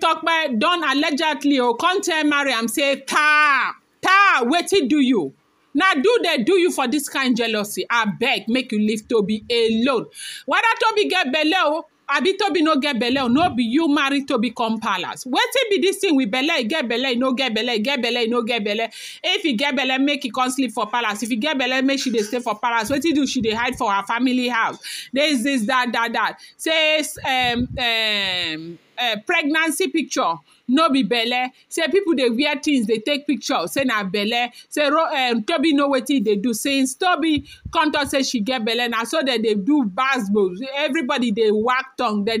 talk by don allegedly o come tell mariam say ta ta. wetin do you Now do they do you for this kind jealousy I beg make you leave Toby alone Why not Toby get belle abi Toby no get belay. no be you marry Toby come palace wetin be this thing with belay get belay no get belay, get belay no get belay? if you get belay, make you come sleep for palace if you get belay, make she dey stay for palace you do she dey hide for her family house this this that that that says um um Eh, pregnancy picture no be belle say people they wear things They take picture say na belle say eh, Toby know wetin They do since Toby come say she get belle I so that they do basbo everybody they wag tongue they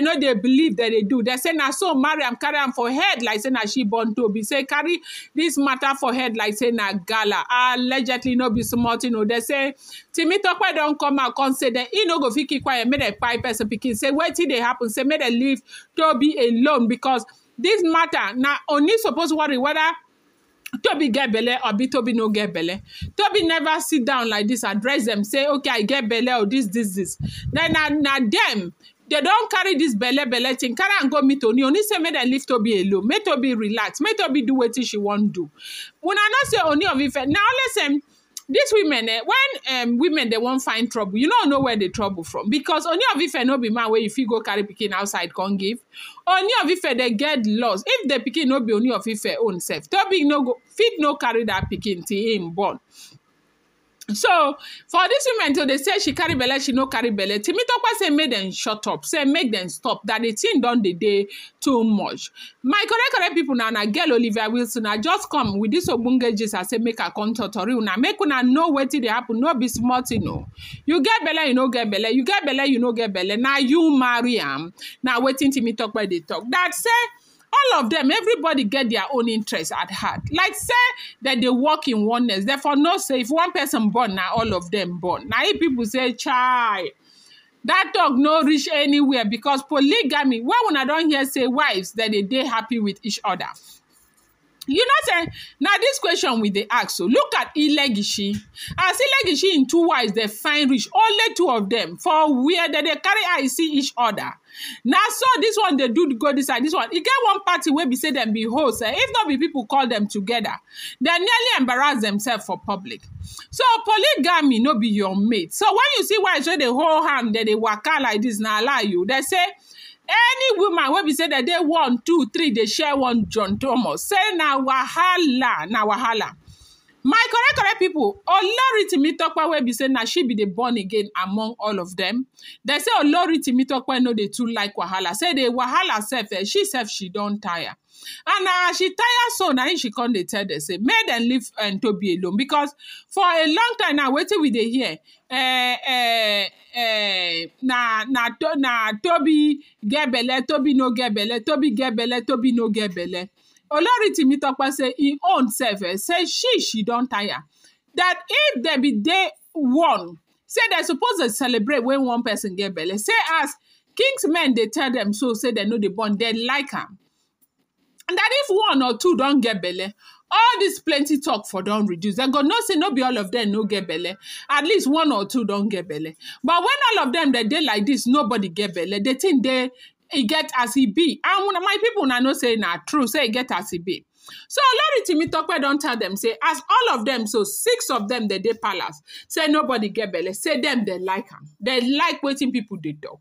know they believe that they do They say na so marry am am for head like say na she born Toby say carry this matter for head like say na gala allegedly no be smart tin o oh. dem say do don come out come say you no go fit keep quiet made a five person picking. say wetin they happen say made a leave Toby alone because this matter now only suppose worry whether Toby get belle or be Toby no get belle. Toby never sit down like this, address them, say, okay, I get belle or this, this, this. Then now now them, they don't carry this belle belle thing, carry and go meet Ooni. Ooni say make dem leave Toby alone, make Toby relax, make Toby do what she to do. I know say only of Ife, na only same these women eh, when um, women they won't find trouble you don't know where the trouble from because only of if no be man where if you go carry picking outside can give only of if they get lost if the picking no be only of if own self to be no go feed no carry that picking till him born so for this woman to dey say she carry belle she no carry belle temitope say make dem shut up say make dem stop That di tin don dey dey too much my correct correct people na na girl olivia wilson na just come with this ogbonge gist as say make i come totori una make una know wetin dey happen no be small tin o oh. you get belle you no get belle you get belle you no get belle na you marry am na wetin temitope dey talk. That say all of them everybody get their own interest at heart like say that they work in oneness therefore no say if one person born now all of them born now if people say child that dog no reach anywhere because polygamy when don't hear say wives that they they happy with each other you know say na this question we dey ask so look at ilegishi as ilegishi in two wives dey find reach only two of dem for where dem dey carry eye see each other. na so this one dey do go this side This one e get one party wey be say dem be host eh if no be people call dem together. dem nearly embarrass themselves for public so polygamy no be your mate so when you see why wey dey hold hand dem dey waka like this na lie you They say any woman when be say that they one two three they share one john thomas say na wahala na wahala my correct correct pipo oloritimi tope will be say that she be the born again among all of them. They say oloritimi tope no they too like wahala say the wahala self, eh, she self, she don tire and as she tire so now she come dey tell They say may then leave and eh, to be alone because for a long time now wetin with dey here. uh, uh, eh, na na to na tobi get belle tobi no get belle tobi get belle tobi no get belle olori temitope say he own sef eh, say she she don tire that if dem be day one say dem suppose dey celebrate when one person get belle say as kings men dey tell dem so say dem no dey born dem like am and that if one or two do don't get bele, all this plenty talk for don reduce dem go know say no be all of them no get bele. at least one or two do don't get bele. but when all of them they dey like this, nobody get bele. They think they e get as he be and my people na know say na true say e get as he be so olori do don tell them say as all of them. so six of them they dey palace say nobody get bele. say them they like them. They like waiting people they talk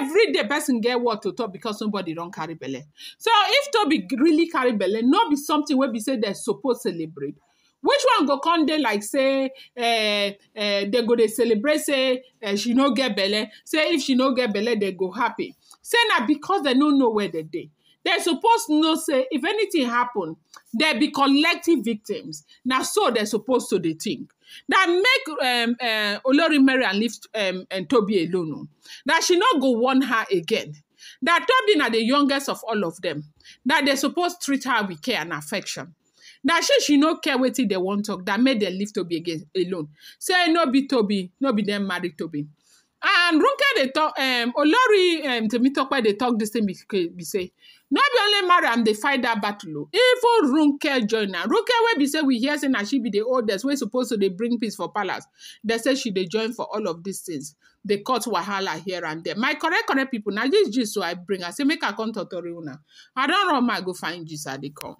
every day person get what to talk because somebody don't carry belle so if toby really carry belle not be something where be say supposed to celebrate which one go come there? like say eh, eh, they go they celebrate say eh, she no get belle say if she no get belle they go happy say na because do no know where they. dey they supposed to know say if anything happen they be collective victims Now so they supposed to think that make um, uh, olori and leave um, and toby alone that she not go warn her again that toby na the youngest of all of them that they supposed treat her with care and affection now she she no care wetin they want talk that made them leave toby again alone say no be toby no be them marry toby and runke dey talk um, olori um, temitope dey talk dis thing be say no be only mariam dey fight that battle o even runke join am runke wey be say we hear say na she be the oldest wey suppose to dey bring peace for palace dey say she dey join for all of these things dey cut wahala here and there my correct correct people na This gist so i bring i say make i come totori una i don run my go find gist i dey come.